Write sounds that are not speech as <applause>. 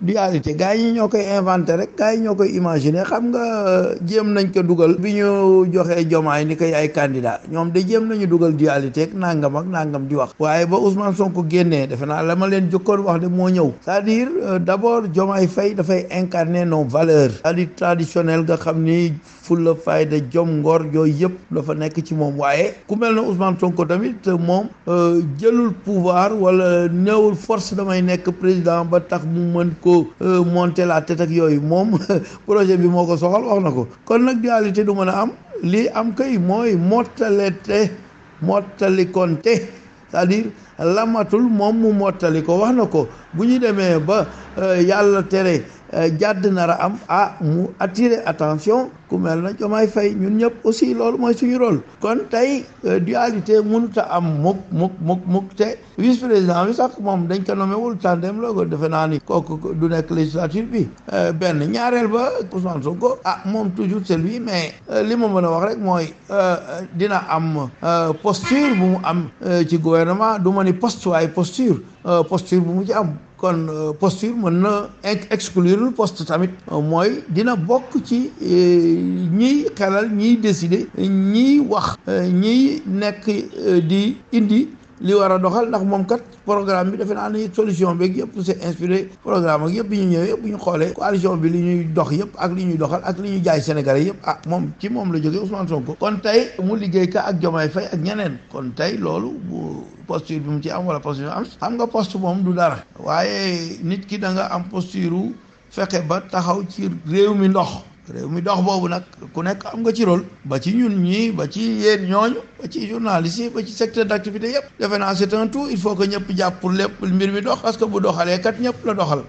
dualité gars yi ñoo koy inventé rek gars yi ñoo koy imaginer xam nga jéem nañ ko dugal bi ñu joxee jomaay ni koy ay candidat ñoom de jéem nañu dugal dualité ak nangam ak nangam di wax waaye ba Ousmane Sonko génnee defe naa la ma leen jëkkoon wax de moo ñëw c'est-à-dire euh, d'abord jomaay fay dafay incarner nos valeurs cest à nga xam ni fulla fayda jom ngor yooyu yëpp dafa nekk ci moom waaye ku mel ne Ousmane Sonko tamit euh, moom euh, jëlul pouvoir wala néewul force damay nekk président ba tax mu mën ko ko euh, monter la tête ak yooyu moom <laughs> projet bi moo ko soxal wax na ko kon nag dualité du mën a am lii am kay mooy mottalete mottalikonte c'est-à-dire lamatul moom mu mottali ko wax na ko bu ñu demee ba euh, yàlla tere euh, jàdd nara am ah mu attirer attention ku mel na Diomaye Faye ñun ñëpp aussi loolu mooy suñu rol kon tey euh, dualité mënut a am mukk mukk mukk mukk te vice président bi sax moom dañ ko nomewul wul tandem la ko defe naa ni kooku du nekk législature bi benn ñaareel ba Ousmane ko ah moom toujours c'est lui mais li ma mën a wax rek mooy dina am posture bu mu am ci gouvernement du ma ni poste waaye posture euh, bu mu ci am kon euh, posture mën na exclure poste tamit euh, mooy dina bokk ci ñiy xelal ñiy décider ñiy wax ñiy nekk di indi li war a doxal ndax moom kat programme bi defe naa ni solution beeg yëpp c'est inspiré programme ak yëpp bi ñu ñëwee bu ñu xoolee coalition bi li ñuy dox yëpp ak li ñuy doxal ak li ñuy jaay Sénégalais yëpp ah moom ci moom la jógee Ousmane Sonko kon tey mu liggéey ka ak jomay Faye ak ñeneen kon tey loolu bu posture bi mu ci am wala posture am xam nga post moom du dara waaye nit ki da nga am posture fexe ba taxaw ci réew mi ndox réew mi dox boobu nag ku nekk am nga ci rôle ba ci ñun ñii ba ci yéen ñooñu ba ci journaliste yi ba ci secteur d' activité yëpp defe naa c' tout il faut que ñëpp jàpp pour lépp mbir mi dox parce que bu doxalee kat ñëpp la doxal